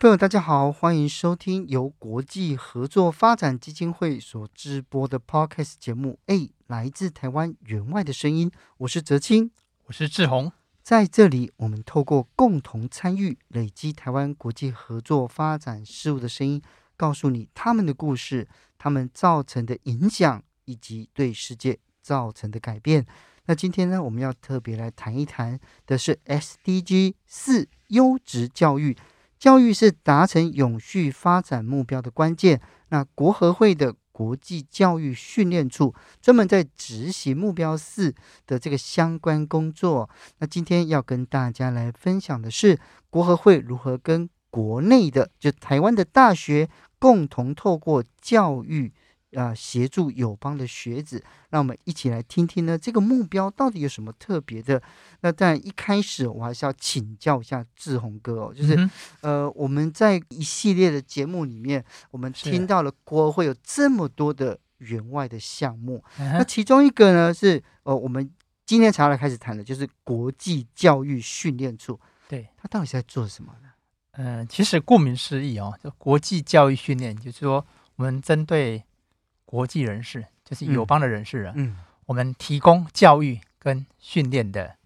朋友，大家好，歡迎收聽由國際合作發展基金會所製播的 podcast 節目。欸來自台灣援外的聲音，我是哲青，我是志宏。在這裡，我們透過共同參與，累積台灣國際合作發展事務的聲音，告訴你他們的故事，他們造成的影響，以及對世界造成的改變。那今天呢，我們要特別來談一談的是 SDG 四優質教育。教育是達成永續發展目標的關鍵。那國合會的國際教育訓練處專門在執行目標四的這個相關工作。那今天要跟大家來分享的是，國合會如何跟國內的，就台灣的大學，共同透過教育。啊、呃，協助友邦的學子，讓我們一起來聽聽呢。這個目標，到底有什麼特別的？那在一開始，我還是要請教一下志宏哥哦。就是、嗯，呃，我們在一系列的節目裡面，我們聽到了國合會有這麼多的援外的項目、嗯。那其中一個呢，是呃，我們今天才來開始談的，就是國際教育訓練處。對，他到底在做什麼呢？嗯，其實顧名思義哦，就國際教育訓練，就是說我們針對。國際人士就是友邦的人士了、嗯嗯。我們提供教育跟訓練的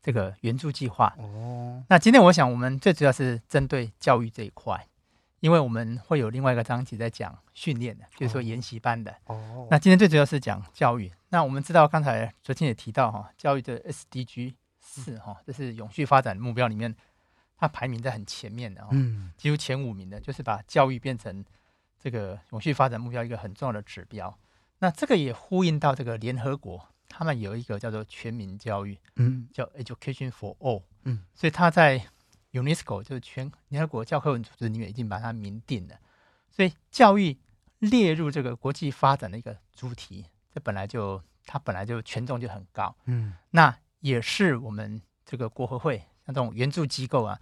這個援助計劃、哦。那今天我想，我們最主要是針對教育這一塊，因為我們會有另外一個章節在講訓練的，就是說研習班的、哦哦。那今天最主要是講教育。那我們知道，剛才哲青也提到哈，教育的 SDG 四、嗯、哈，這是永續發展目標裡面，它排名在很前面的哈、嗯，幾乎前五名的，就是把教育變成。這個永續發展目標一個很重要的指標，那這個也呼應到這個聯合國，他們有一個叫做全民教育，嗯，叫 Education for All，嗯，所以他在 UNESCO，就是全聯合國教科文組織裡面已經把它明定了，所以教育列入這個國際發展的一個主題，這本來就它本來就權重就很高，嗯，那也是我們這個國合會那種援助機構啊。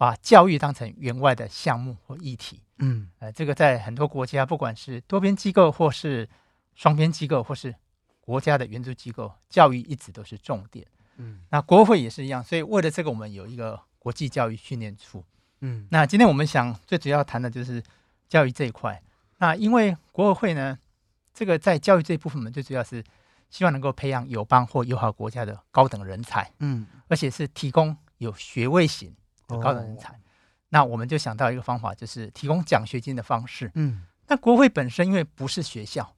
把教育當成援外的項目或議題，嗯，呃，這個在很多國家，不管是多邊機構，或是雙邊機構，或是國家的援助機構，教育一直都是重點，嗯，那國合會也是一樣，所以為了這個，我們有一個國際教育訓練處，嗯，那今天我們想最主要談的就是教育這一塊，那因為國合會呢，這個在教育這一部分，我們最主要是希望能夠培養友邦或友好國家的高等人才，嗯，而且是提供有學位型。高等人才。哦，那我們就想到一個方法，就是提供獎學金的方式。嗯，那國合會本身因為不是學校，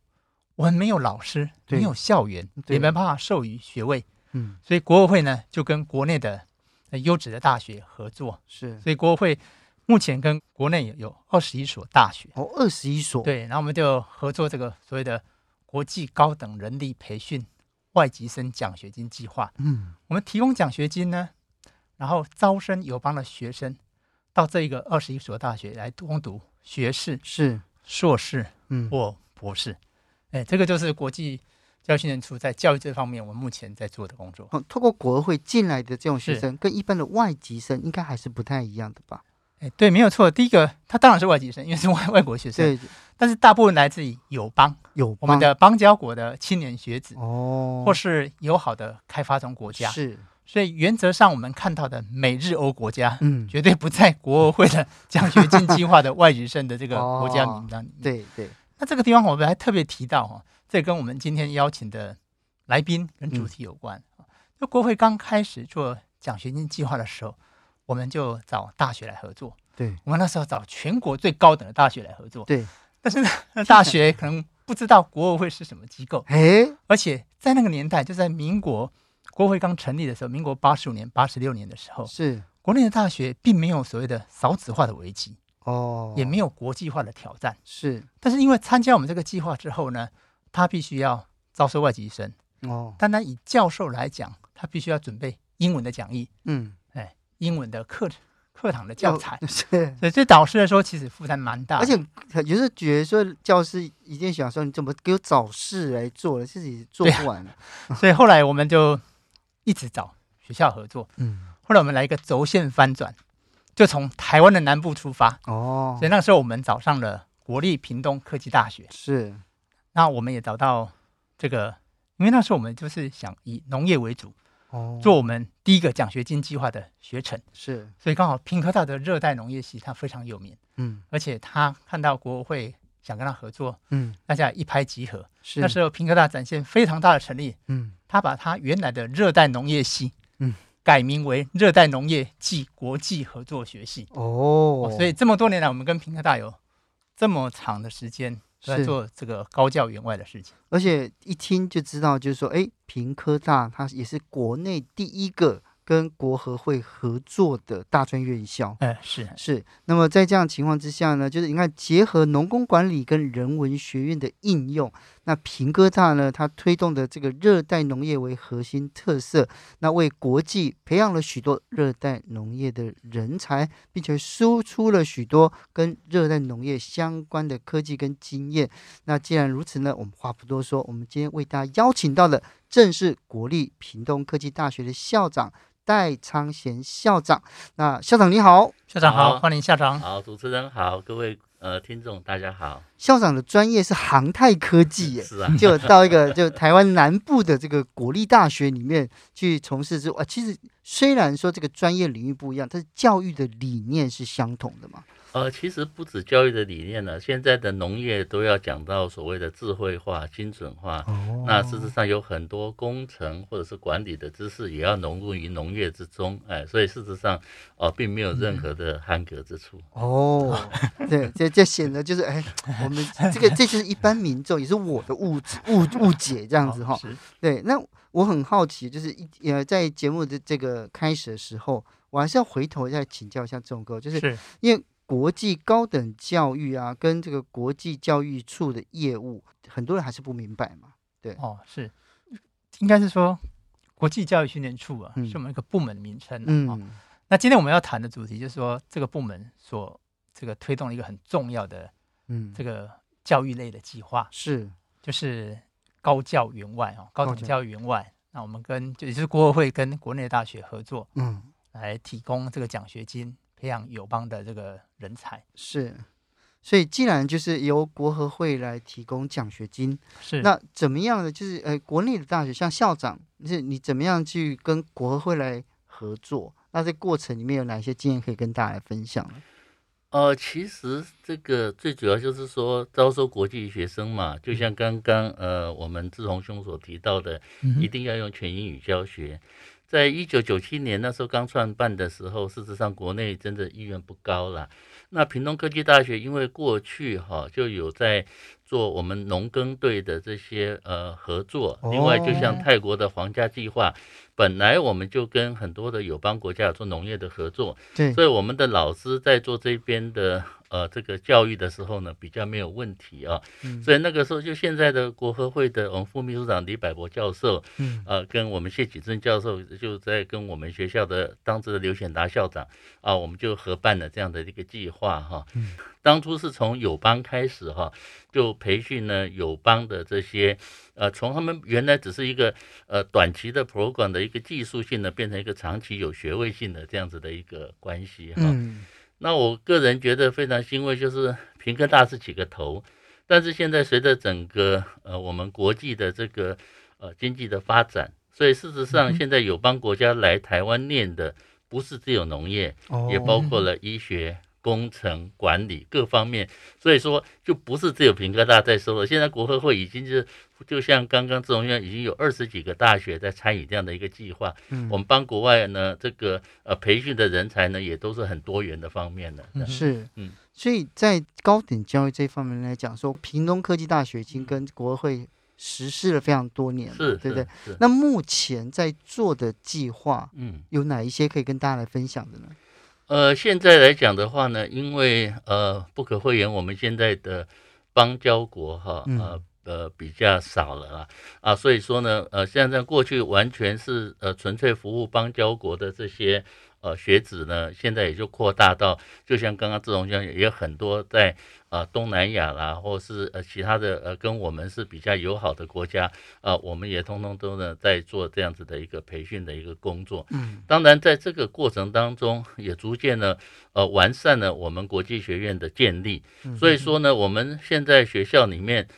我們沒有老師，沒有校園，對，也沒辦法授予學位。嗯，所以國合會呢就跟國內的、呃、優質的大學合作。是，所以國合會目前跟國內有二十一所大學。哦，二十一所。對，然後我們就合作這個所謂的國際高等人力培訓外籍生獎學金計劃。嗯，我們提供獎學金呢。然後招生友邦的學生到這一個二十一所大學來攻讀學士、是碩士或博士。哎、嗯，這個就是國際教育訓練處在教育這方面，我們目前在做的工作。通、哦、過國合會進來的這種學生，跟一般的外籍生應該還是不太一樣的吧？哎，對，沒有錯。第一個，他當然是外籍生，因為是外外國學生。對，但是大部分來自於友邦，友邦的邦交國的青年學子，哦，或是友好的開發中國家是。所以原則上，我們看到的美日歐國家，嗯，絕對不在國合會的獎學金計劃的外籍生的這個國家名單裡，哦。對對。那這個地方，我們還特別提到啊，這跟我們今天邀請的來賓跟主題有關。那、嗯、國合會剛開始做獎學金計劃的時候，我們就找大學來合作。對。我們那時候找全國最高等的大學來合作。對。但是大學可能不知道國合會是什麼機構。哎。而且在那個年代，就在民國。國合會剛成立的時候，民國八十五年、八十六年的時候，是國內的大學並沒有所謂的少子化的危機哦，也沒有國際化的挑戰是。但是因為參加我們這個計劃之後呢，他必須要招收外籍生哦。單單以教授來講，他必須要準備英文的講義，嗯，哎，英文的課課堂的教材，教，是，所以對導師來說其實負擔蠻大的。而且有時候覺得說，教師一定想說，你怎麼給我找事來做了，自己做不完了、啊啊。所以後來我們就。 一直找學校合作，嗯，後來我們來一個軸線翻轉，就從台灣的南部出發，哦，所以那時候我們找上了國立屏東科技大學，是，那我們也找到這個，因為那時候我們就是想以農業為主，哦，做我們第一個獎學金計劃的學程，是，所以剛好屏科大的熱帶農業系它非常有名，嗯，而且他看到國合會想跟他合作，嗯，大家一拍即合，是，那時候屏科大展現非常大的成立，嗯。他把他原來的熱帶農業系，嗯，改名為熱帶農業暨國際合作學系。哦，所以這麼多年來，我們跟屏科大有這麼長的時間來做這個高教援外的事情。而且一聽就知道，就是說，誒，屏科大它也是國內第一個。跟國合會合作的大專院校，哎、嗯，是是。那麼在這樣的情況之下呢，就是你看，結合農工管理跟人文學院的應用，那屏科大呢，它推動的這個熱帶農業為核心特色，那為國際培養了許多熱帶農業的人才，並且輸出了許多跟熱帶農業相關的科技跟經驗。那既然如此呢，我們話不多說，我們今天為大家邀請到的正是國立屏東科技大學的校長。戴昌賢校長，那校長你好，校長好，、啊、好，歡迎校長。好，主持人好，各位呃聽眾大家好。校長的專業是航太科技耶， 是啊、就到一個就台灣南部的這個國立大學裡面去從事之。就啊，其實雖然說這個專業領域不一樣，但是教育的理念是相同的嘛。呃，其實不止教育的理念呢，啊，現在的農業都要講到所謂的智慧化、精準化。哦。那事實上有很多工程或者是管理的知識，也要融入於農業之中。哎，所以事實上，哦，呃，並沒有任何的扞格之處。嗯，哦。 對，這這顯得就是哎，我們這個這就是一般民眾 也是我的誤誤誤解這樣子哈，哦。對，那我很好奇，就是一呃，在節目的這個開始的時候，我還是要回頭再請教一下鍾哥，就是，是因為。國際高等教育啊，跟這個國際教育處的業務，很多人還是不明白嘛，對，哦，是，應該是說國際教育訓練處啊、嗯，是我們一個部門名稱啊、哦嗯。那今天我們要談的主題，就是說這個部門所這個推動了一個很重要的，嗯，這個教育類的計劃，嗯、是，就是高教援外啊、哦，高等教育援外，嗯、那我們跟，就也就是國合會跟國內大學合作，嗯，來提供這個獎學金。培養友邦的這個人才是。所以既然就是由國合會來提供獎學金，是那怎麼樣的，就是呃，國內的大學像校長，就是你怎麼樣去跟國合會來合作？那這過程裡面有哪些經驗可以跟大家來分享？呃，其實這個最主要就是說招收國際學生嘛，就像剛剛呃，我們志宏兄所提到的、嗯，一定要用全英語教學。在一九九七年那時候剛創辦的時候，事實上國內真的意願不高了。那屏東科技大學因為過去哈就有在做我們農耕隊的這些呃合作，另外就像泰國的皇家計劃，oh. 本來我們就跟很多的友邦國家有做農業的合作，對。所以我們的老師在做這邊的。呃，這個教育的時候呢，比較沒有問題啊，嗯，所以那個時候就現在的國合會的我們副祕書長李柏博教授，嗯，呃，跟我們謝啟正教授就在跟我們學校的當時的劉顯達校長啊，我們就合辦了這樣的一個計劃哈，嗯，當初是從友邦開始哈，就培訓呢友邦的這些呃，從他們原來只是一個呃短期的 program 的一個技術性的，變成一個長期有學位性的這樣子的一個關係哈。嗯那我個人覺得非常欣慰，就是屏科大是起個頭，但是現在隨着整個呃我們國際的這個呃經濟的發展，所以事實上現在友邦國家來台灣念的，不是只有農業、嗯，也包括了醫學、工程、管理各方面，所以說就不是只有屏科大在收了，現在國合會已經、就是。就像剛剛，中央已經有二十幾個大學在參與這樣的一個計劃。嗯，我們幫國外呢，這個呃培訓的人才呢，也都是很多元的方面的、嗯、是，嗯，所以在高等教育這方面來講說，說屏東科技大學已經跟國合會實施了非常多年了，是，是對不對？那目前在做的計劃，嗯，有哪一些可以跟大家來分享的呢？嗯、呃，現在來講的話呢，因為呃不可諱言，我們現在的邦交國哈，呃嗯呃，比較少了啦，啊，所以說呢，呃，現在過去完全是呃純粹服務邦交國的這些呃學子呢，現在也就擴大到，就像剛剛志宏講，也有很多在啊、呃、東南亞啦，或是呃其他的呃跟我們是比較友好的國家啊、呃，我們也通通都呢在做這樣子的一個培訓的一個工作。嗯，當然在這個過程當中，也逐漸呢呃完善了我們國際學院的建立。嗯嗯嗯所以說呢，我們現在學校裡面。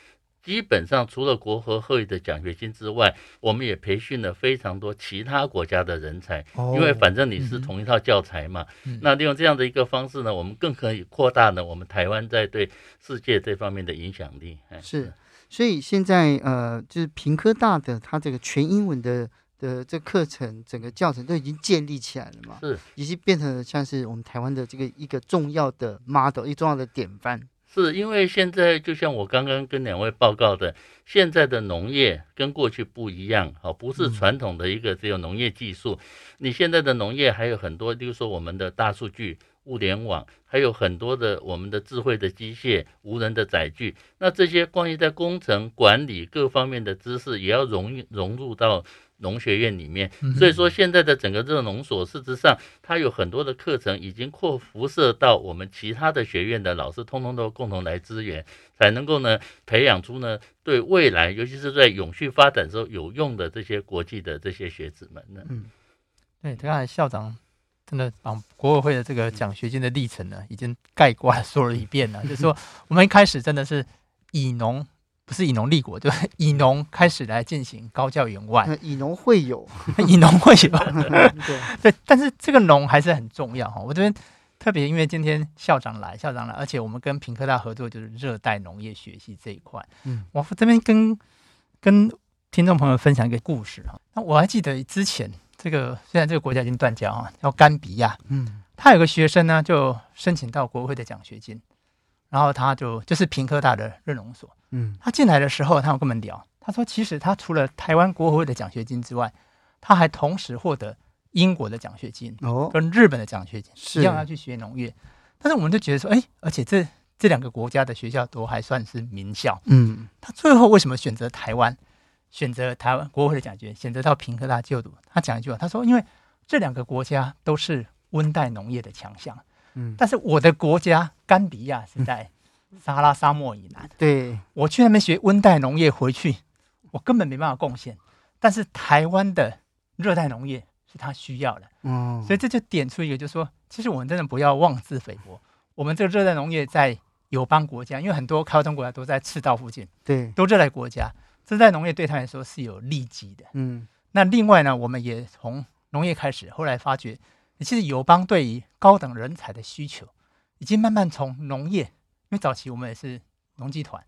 基本上除了國合會的獎學金之外，我們也培訓了非常多其他國家的人才。因為反正你是同一套教材嘛，哦嗯、那利用這樣的一個方式呢，嗯、我們更可以擴大呢我們台灣在對世界這方面的影響力。是，所以現在呃，就是屏科大的它這個全英文的的這課程，整個教程都已經建立起來了嘛，是，已經變成了像是我們台灣的這個一個重要的 model，一個重要的典範。是因為現在，就像我剛剛跟兩位報告的，現在的農業跟過去不一樣，啊，不是傳統的一個、嗯、只有農業技術，你現在的農業還有很多，比如說我們的大數據。物聯網還有很多的我們的智慧的機械、無人的載具，那這些關於在工程管理各方面的知識也要融融入到農學院裡面。嗯、所以說，現在的整個這個農所，事實上它有很多的課程已經擴輻射到我們其他的學院的老師，通通都共同來支援，才能夠呢培養出呢對未來，尤其是在永續發展的時候有用的這些國際的這些學子們呢。嗯，對，這個校長。真的，把、啊、國合會的這個獎學金的歷程呢，已經概括了說了一遍了。嗯、 就是說，我們一開始真的是以農，不是以農立國，就是以農開始來進行高教援外，以農會友，以農會友。 會有 對，但是這個農還是很重要哈。我這邊特別，因為今天校長來，校長來，而且我們跟屏科大合作就是熱帶農業學系這一塊。嗯，我這邊跟跟聽眾朋友分享一個故事哈。那我還記得之前。這個現在這個國家已經斷交啊，叫甘比亞。嗯，他有個學生呢，就申請到國合會的獎學金，然後他就就是屏科大的熱農所。嗯，他進來的時候，他有跟我們聊，他說其實他除了台灣國合會的獎學金之外，他還同時獲得英國的獎學金，跟日本的獎學金一樣、哦，要他去學農業。但是我們就覺得說，哎，而且這這兩個國家的學校都還算是名校。嗯，他最後為什麼選擇台灣？選擇台灣國會的獎學金，選擇到屏科大就讀。他講一句話，他說：“因為這兩個國家都是溫帶農業的強項，嗯，但是我的國家甘比亞是在撒哈拉沙漠以南，嗯、對，我去那邊學溫帶農業回去，我根本沒辦法貢獻。但是台灣的熱帶農業是他需要的，嗯，所以這就點出一個，就是說，其實我們真的不要妄自菲薄，我們這個熱帶農業在友邦國家，因為很多開發中國家都在赤道附近，對，都是熱帶國家。”這在農業對他來說是有利基的，嗯，那另外呢，我們也從農業開始，後來發覺，其實友邦對於高等人才的需求，已經慢慢從農業，因為早期我們也是農技團，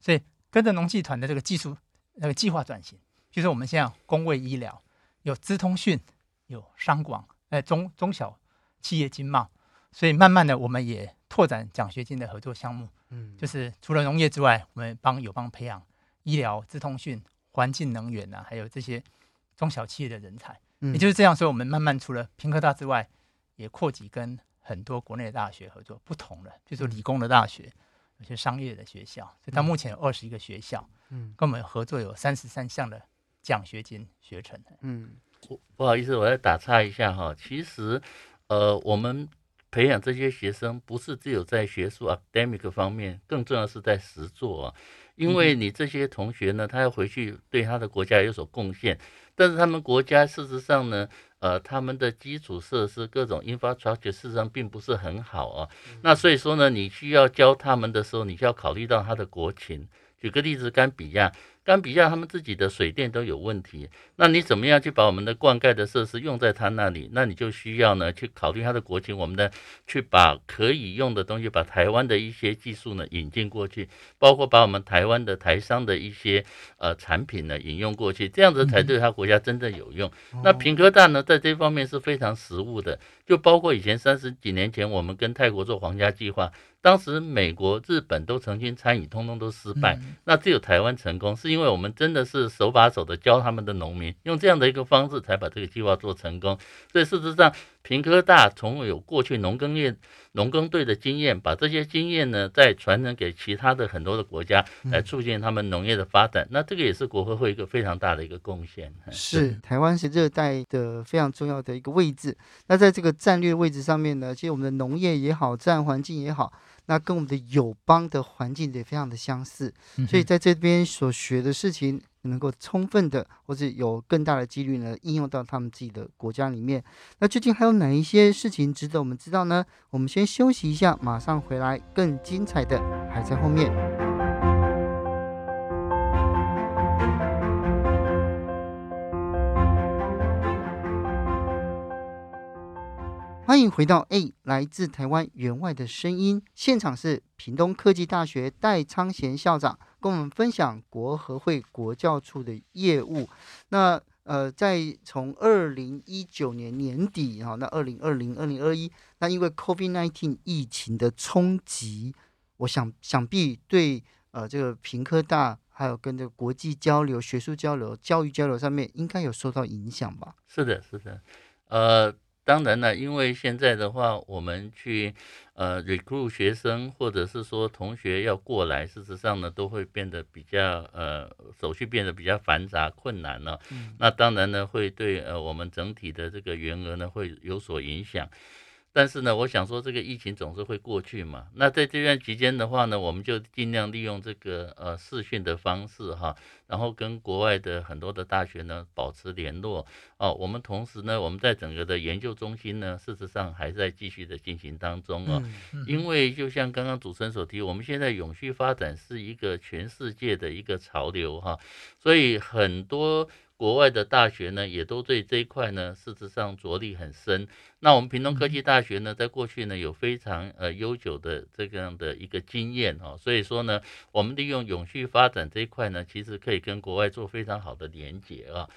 所以跟着農技團的這個技術那、這個計劃轉型，就是我們現在公衛醫療有資通訊有商廣哎、呃、中中小企業經貿，所以慢慢的我們也拓展獎學金的合作項目，嗯，就是除了農業之外，我們也幫友邦培養。醫療、資通訊、環境、能源吶，啊，還有這些中小企業的人才，嗯，也就是這樣，所以我們慢慢除了屏科大之外，也擴及跟很多國內的大學合作，不同的，譬如說理工的大學，嗯，有些商業的學校，所以到目前有二十一個學校，嗯，跟我們合作有三十三項的獎學金學程，嗯，不好意思，我再打岔一下哈，其實，呃，我們。培養這些學生不是只有在學術 academic 方面，更重要是在實作啊。因為你這些同學呢，他要回去對他的國家有所貢獻，但是他們國家事實上呢，呃，他們的基礎設施各種 infrastructure 事實上並不是很好啊，嗯。那所以說呢，你需要教他們的時候，你需要考慮到他的國情。舉個例子，甘比亞，甘比亞他們自己的水電都有問題，那你怎麼樣去把我們的灌溉的設施用在他那裡？那你就需要呢去考慮他的國情，我們的去把可以用的東西，把台灣的一些技術呢引進過去，包括把我們台灣的台商的一些呃產品呢引用過去，這樣子才對他國家真正有用。嗯。那平科大呢，在這方面是非常實務的，就包括以前三十幾年前我們跟泰國做皇家計劃。當時美國、日本都曾經參與，通通都失敗。嗯。那只有台灣成功，是因為我們真的是手把手的教他們的農民，用這樣的一個方式才把這個計劃做成功。所以事實上。平科大從有過去農耕業、農耕隊的經驗，把這些經驗呢再傳承給其他的很多的國家，來促進他們農業的發展。嗯。那這個也是國會會一個非常大的一個貢獻。是，台灣是熱帶的非常重要的一個位置。那在這個戰略位置上面呢，其實我們的農業也好，自然環境也好，那跟我們的友邦的環境也非常的相似，所以在這邊所學的事情能夠充分的或者有更大的幾率呢，應用到他們自己的國家裡面。那究竟還有哪一些事情值得我們知道呢？我們先休息一下，馬上回來，更精彩的還在後面。歡迎回到 A 來自台灣援外的聲音。現場是屏東科技大學戴昌賢校長跟我們分享國合會國教處的業務。那呃，在從二零一九年年底哈、哦，那二零二零、二零二一，那因為 COVID nineteen 疫情的衝擊，我想想必對呃這個屏科大還有跟這個國際交流、學術交流、教育交流上面應該有受到影響吧？是的，是的，呃。當然了，因為現在的話，我們去呃 recruit 學生或者是說同學要過來，事實上呢，都會變得比較呃手續變得比較繁雜困難了。嗯。那當然呢，會對呃我們整體的這個員額呢會有所影響。但是呢，我想說這個疫情總是會過去嘛。那在這段期間的話呢，我們就盡量利用這個呃視訊的方式哈、啊，然後跟國外的很多的大學呢保持聯絡哦、啊。我們同時呢，我們在整個的研究中心呢，事實上還在繼續的進行當中啊。嗯，嗯。因為就像剛剛主持人所提，我們現在永續發展是一個全世界的一個潮流哈、啊，所以很多。國外的大學呢，也都對這一塊呢，事實上着力很深。那我們屏東科技大學呢，在過去呢，有非常呃悠久的這樣的一個經驗哈、啊，所以說呢，我們利用永續發展這一塊呢，其實可以跟國外做非常好的連結啊。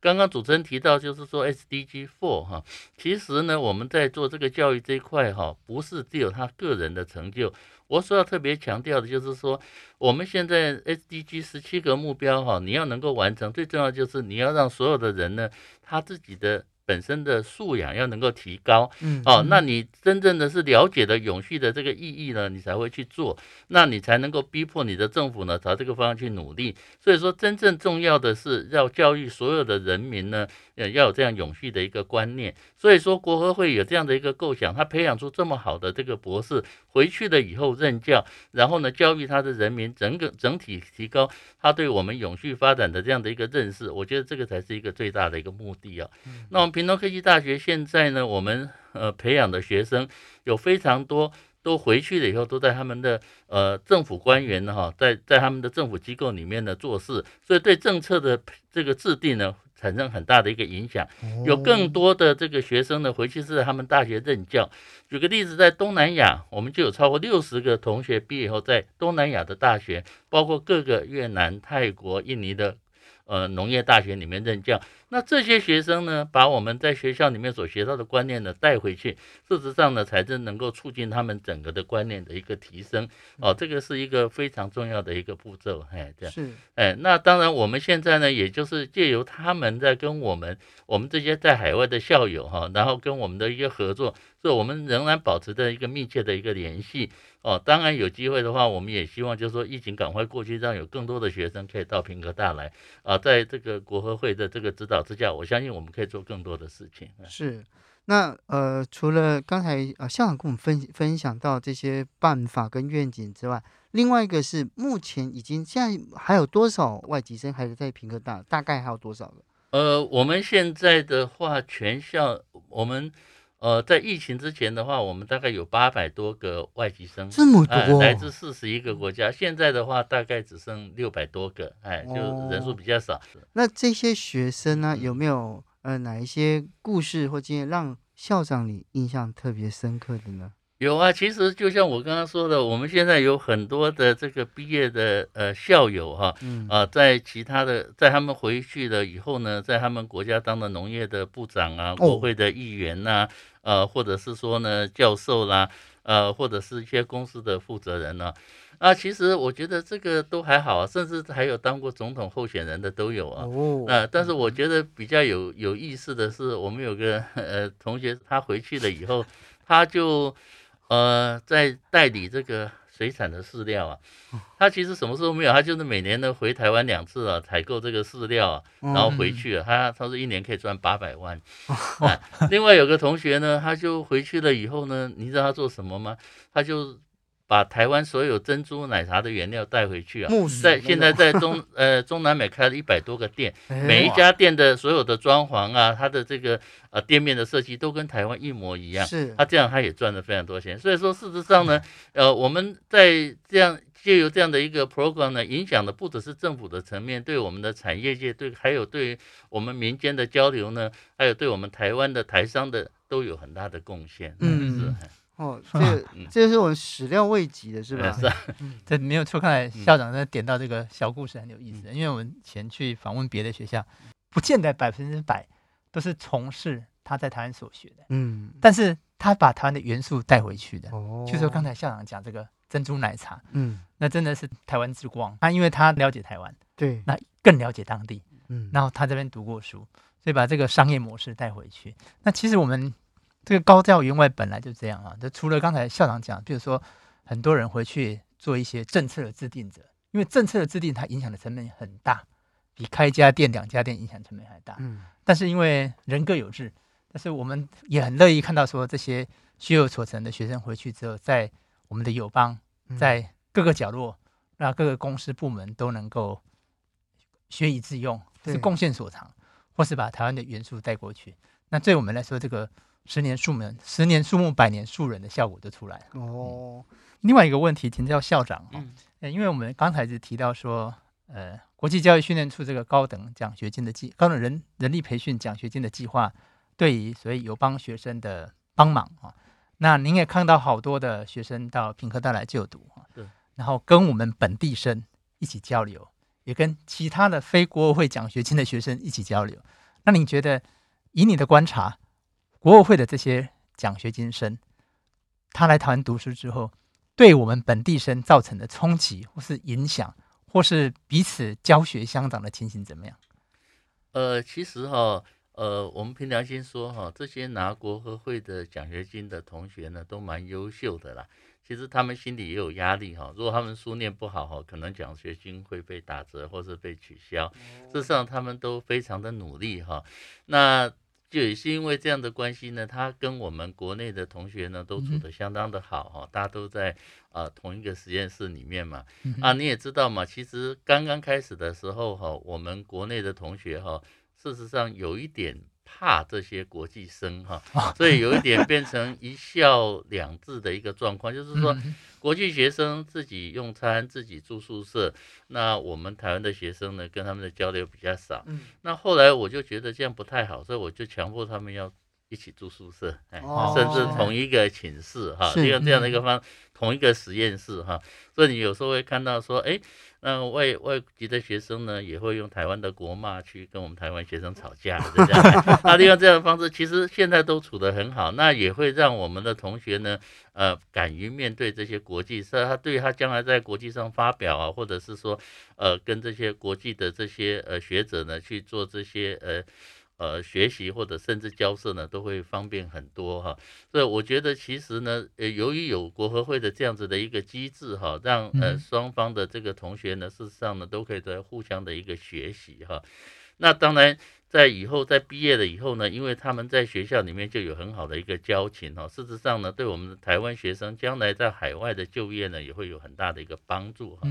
剛剛主持人提到，就是說 SDG4 哈，其實呢，我們在做這個教育這一塊哈、啊，不是只有他個人的成就。我說要特別強調的就是說，我們現在 SDG 十七個目標哈、啊，你要能夠完成，最重要就是你要讓所有的人呢，他自己的本身的素養要能夠提高、哦，嗯哦、嗯嗯，那你真正的是了解的永續的這個意義呢，你才會去做，那你才能夠逼迫你的政府呢朝這個方向去努力。所以說，真正重要的是要教育所有的人民呢，要有這樣永續的一個觀念。所以說，國合會有這樣的一個構想，他培養出這麼好的這個博士。回去了以後任教，然後呢，教育他的人民，整個整體提高他對我們永續發展的這樣的一個認識，我覺得這個才是一個最大的一個目的啊。嗯、那我們屏東科技大學現在呢，我們呃培養的學生有非常多，都回去了以後都在他們的呃政府官員哈、啊，在在他們的政府機構裡面呢做事，所以對政策的這個制定呢。產生很大的一個影響，有更多的這個學生呢，回去是在他們大學任教。舉個例子，在東南亞，我們就有超過六十個同學畢業以後在東南亞的大學，包括各個越南、泰國、印尼的呃農業大學裡面任教。那這些學生呢，把我們在學校裡面所學到的觀念呢帶回去，事實上呢，才能夠促進他們整個的觀念的一個提升哦。這個是一個非常重要的一個步驟，嘿、哎，這樣是、哎、那當然我們現在呢，也就是借由他們在跟我們，我們這些在海外的校友哈、哦，然後跟我們的一個合作，所以我們仍然保持着一個密切的一個聯繫哦。當然有機會的話，我們也希望就是說疫情趕快過去，讓有更多的學生可以到屏科大來啊，在這個國合會的這個指導。早支架，我相信我們可以做更多的事情。是，那呃，除了剛才啊、呃、校長跟我們分分，分享到這些辦法跟願景之外，另外一個是目前已經現在還有多少外籍生還是在屏科大？大概還有多少個？呃，我們現在的話，全校我們。呃，在疫情之前的話，我們大概有八百多個外籍生，這麼多，來自四十一個國家。現在的話，大概只剩六百多個，哎，就人數比較少。哦、那這些學生呢，有沒有呃哪一些故事或經驗讓校長你印象特別深刻的呢？有啊，其實就像我剛剛說的，我們現在有很多的這個畢業的呃校友哈、啊，嗯啊、呃，在其他的在他們回去了以後呢，在他們國家當了農業的部長啊，國會的議員吶、啊。哦呃，或者是說呢，教授啦，呃，或者是一些公司的負責人呢，啊，啊，其實我覺得這個都還好啊，甚至還有當過總統候選人的都有啊，啊，呃，但是我覺得比較有有意思的是，我們有個呃同學，他回去了以後，他就呃在代理這個。水產的飼料啊，他其實什麼事都沒有，他就是每年呢回台灣兩次啊，採購這個飼料啊，然後回去啊，他他說一年可以賺八百萬啊。嗯嗯嗯，另外有個同學呢，他就回去了以後呢，你知道他做什麼嗎？他就。把台灣所有珍珠奶茶的原料帶回去啊！在現在在中呃中南美開了一百多個店，每一家店的所有的裝潢啊，它的這個呃店面的設計都跟台灣一模一樣。是，他這樣他也賺了非常多錢。所以說事實上呢，呃，我們在這樣借由這樣的一個 program 呢，影響的不只是政府的層面，對我們的產業界，對，還有對我們民間的交流呢，還有對我們台灣的台商的都有很大的貢獻。嗯。哦，這個、這個、是我們始料未及的，是不是？嗯、 這沒有錯。看來校長在點到這個小故事很有意思，嗯，因為我們前去訪問別的學校，不見得百分之百都是從事他在台灣所學的。嗯，但是他把台灣的元素帶回去的。哦，就是，說剛才校長講這個珍珠奶茶，嗯，那真的是台灣之光。他因為他了解台灣，對，那更了解當地。嗯，然後他這邊讀過書，所以把這個商業模式帶回去。那其實我們。這個高教援外本來就這樣啊，這除了剛才校長講，比如說很多人回去做一些政策的制定者，因為政策的制定它影響的成本很大，比開一家店兩家店影響成本還大。嗯。但是因為人各有志，但是我們也很樂意看到說這些學有所成的學生回去之後，在我們的友邦，在各個角落，那、嗯、各個公司部門都能夠學以致用，是貢獻所長，或是把台灣的元素帶過去。那對我們來說，這個。十年樹人，十年樹木，百年樹人的效果就出來了哦、嗯。另外一個問題，請教校長啊、哦嗯，因為我們剛才就提到說，呃，國際教育訓練處這個高等獎學金的計，高等人人力培訓獎學金的計劃，對於所以友邦學生的幫忙啊、哦。那您也看到好多的學生到屏科大來就讀啊，對、嗯，然後跟我們本地生一起交流，也跟其他的非國合會獎學金的學生一起交流。那你覺得，以你的觀察？國合會的這些獎學金生，他來台灣讀書之後，對我們本地生造成的衝擊或是影響，或是彼此教學相長的情形怎麼樣？呃，其實哈，呃，我們憑良心說哈，這些拿國合會的獎學金的同學呢，都蠻優秀的啦。其實他們心裡也有壓力哈。如果他們書念不好哈，可能獎學金會被打折或是被取消。事實上，他們都非常的努力哈。那。就也是因為這樣的關係呢，他跟我們國內的同學呢都處得相當的好哈，大家都在啊、呃、同一個實驗室裡面嘛，啊你也知道嘛，其實剛剛開始的時候哈，我們國內的同學哈，事實上有一點。怕這些國際生哈、啊，所以有一點變成一校兩制的一個狀況，就是說國際學生自己用餐，自己住宿舍，那我們台灣的學生呢，跟他們的交流比較少。那後來我就覺得這樣不太好，所以我就強迫他們要。一起住宿舍，哎哦，甚至同一個寢室哈、啊，利用這樣的一個方，同一個實驗室哈、啊，所以你有時候會看到說，誒、哎，那外外籍的學生呢，也會用台灣的國罵去跟我們台灣學生吵架，那、哎 啊、利用這樣的方式，其實現在都處得很好，那也會讓我們的同學呢，呃，敢於面對這些國際，所以他對他將來在國際上發表啊，或者是說，呃，跟這些國際的這些呃學者呢去做這些呃。呃，學習或者甚至交涉呢，都會方便很多哈。所以我覺得，其實呢，呃，由於有國合會的這樣子的一個機製哈，讓呃雙方的這個同學呢，事實上呢，都可以在互相的一個學習哈。那當然，在以後在畢業了以後呢，因為他們在學校裡面就有很好的一個交情哈，事實上呢，對我們的台灣學生將來在海外的就業呢，也會有很大的一個幫助哈。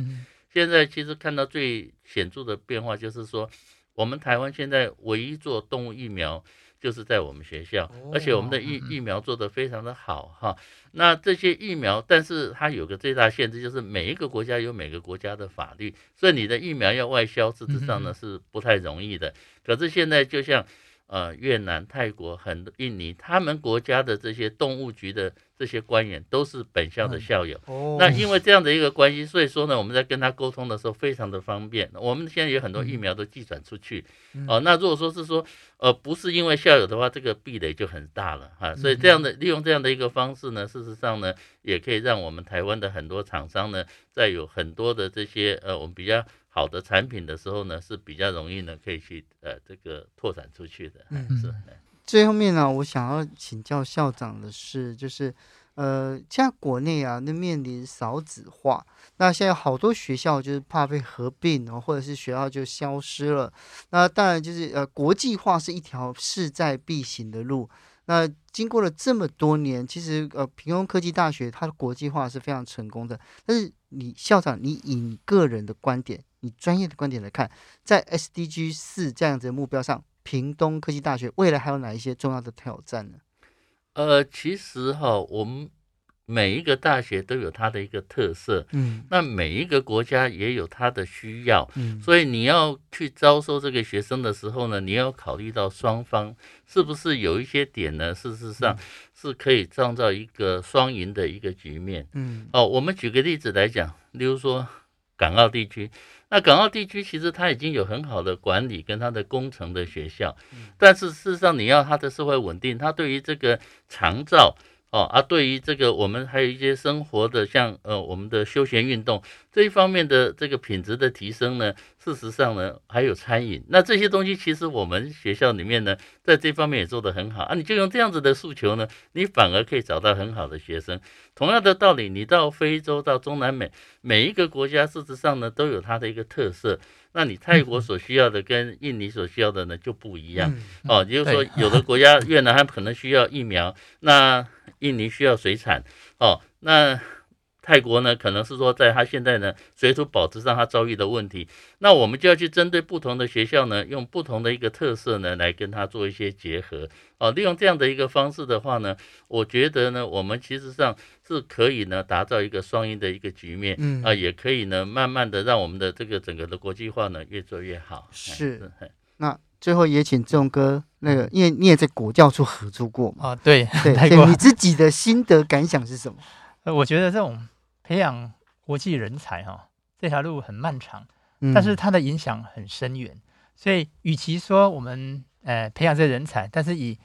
現在其實看到最顯著的變化就是說。我們台灣現在唯一做動物疫苗就是在我們學校，而且我們的疫疫苗做得非常的好哈。那這些疫苗，但是它有個最大限制，就是每一個國家有每個國家的法律，所以你的疫苗要外銷，事實上呢是不太容易的。可是現在就像。呃，越南、泰國、很印尼，他們國家的這些動物局的這些官員都是本校的校友，嗯。那因為這樣的一個關係，所以說呢，我們在跟他溝通的時候非常的方便。我們現在有很多疫苗都寄轉出去，哦，那如果說是說，呃，不是因為校友的話，這個壁壘就很大了哈。所以這樣的利用這樣的一個方式呢，事實上呢，也可以讓我們台灣的很多廠商呢，在有很多的這些，呃，我們比較。好的產品的時候呢，是比較容易呢，可以去呃這個拓展出去的。嗯，是。嗯嗯嗯，最後面呢，我想要請教校長的是，就是呃，現在國內啊，那面臨少子化，那現在好多學校就是怕被合併然後，或者是學校就消失了。那當然就是呃，國際化是一條勢在必行的路。那經過了這麼多年，其實呃，屏東科技大學它的國際化是非常成功的。但是你校長，你以個人的觀點。以專業的觀點來看，在 SDG 四，這樣子的目標上，屏東科技大學未來還有哪一些重要的挑戰呢？呃，其實哈，我們每一個大學都有它的一個特色，嗯，那每一個國家也有它的需要，嗯，所以你要去招收這個學生的時候呢，你要考慮到雙方是不是有一些點呢？事實上是可以創造一個雙贏的一個局面，嗯，哦，我們舉個例子來講，例如說港澳地區。那港澳地區其實它已經有很好的管理跟它的工程的學校，但是事實上你要它的社會穩定，它對於這個長照。哦，而、啊、對於這個，我們還有一些生活的像呃，我們的休閒運動這一方面的這個品質的提升呢，事實上呢，還有餐飲，那這些東西其實我們學校裡面呢，在這方面也做得很好啊。你就用這樣子的訴求呢，你反而可以找到很好的學生。同樣的道理，你到非洲、到中南美，每一個國家事實上呢，都有它的一個特色。那你泰國所需要的跟印尼所需要的呢就不一樣。哦，也就是說，有的國家、嗯、越南還可能需要疫苗，那。印尼需要水產，哦，那泰國呢？可能是說，在他現在呢水土保持上他遭遇的問題，那我們就要去針對不同的學校呢，用不同的一個特色呢來跟他做一些結合，哦，利用這樣的一個方式的話呢，我覺得呢，我們其實上是可以呢打造一個雙贏的一個局面，嗯，啊，也可以呢慢慢的讓我們的這個整個的國際化呢越做越好。是，那最後也請鄭哥。那個，因為你也在國教處合作過嘛，啊，對對，所以你自己的心得感想是什麼？呃 我覺得這種培養國際人才哈、哦，這條路很漫長、嗯，但是它的影響很深遠。所以，與其說我們呃培養這人才，但是以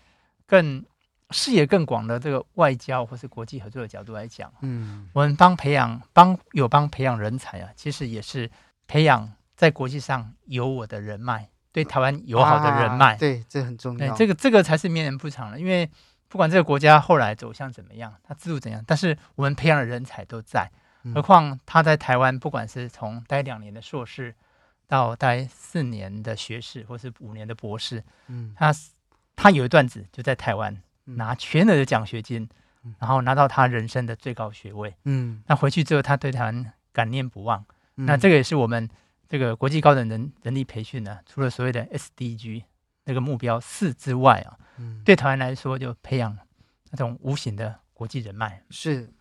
更視野更廣的這個外交或是國際合作的角度來講、哦，嗯，我們幫培養幫有幫培養人才啊，其實也是培養在國際上有我的人脈。對台灣友好的人脈，啊、對，這很重要。這個，這個才是綿延不長了。因為不管這個國家後來走向怎麼樣，它制度怎麼樣，但是我們培養的人才都在。嗯、何況他在台灣，不管是從待兩年的碩士，到待四年的學士，或是五年的博士，嗯，他他有一段子就在台灣拿全額的獎學金、嗯，然後拿到他人生的最高學位，嗯，那回去之後，他對台灣感念不忘。嗯、那這個也是我們。這個國際高等人人力培訓呢，除了所謂的 SDG 那個目標四之外啊、嗯，對台灣來說，就培養那種無形的國際人脈是。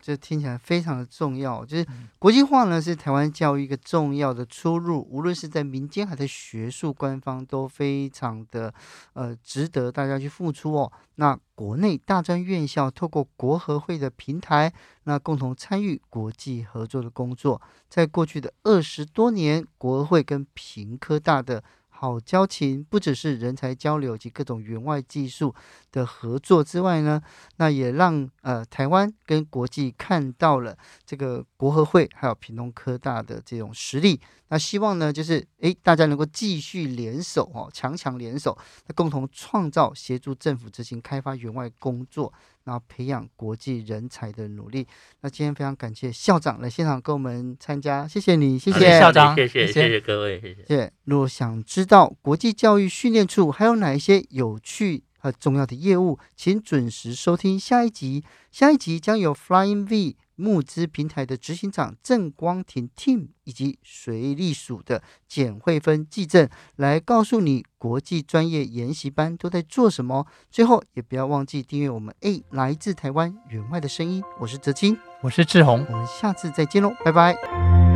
這聽起來非常的重要，就是國際化呢是台灣教育，一個重要的出入。無論是在民間還是學術官方都非常的呃值得大家去付出哦。那國內大專院校透過國合會的平台，那共同參與國際合作的工作，在過去的二十多年，國合會跟屏科大的好交情，不只是人才交流及各種援外技術。的合作之外呢，那也讓呃台灣跟國際看到了這個國合會還有屏東科大的這種實力。那希望呢，就是誒、欸、大家能夠繼續聯手哦，強強聯手，共同創造協助政府執行開發援外工作，然後培養國際人才的努力。那今天非常感謝校長來現場跟我們參加，謝謝你，謝謝校長，謝謝謝謝，謝，謝，謝，謝，謝，謝各位，謝謝。謝謝，如果想知道國際教育訓練處還有哪一些有趣。重要的業務，請準時收聽下一集。下一集將由 Flying V 募資平台的執行長鄭光廷 Team 以及水利署的簡慧芬、紀政來告訴你國際專業研習班都在做什麼。最後，也不要忘記訂閱我們。誒，來自台灣援外的聲音，我是哲青，我是志宏，我們下次再見嘍，拜拜。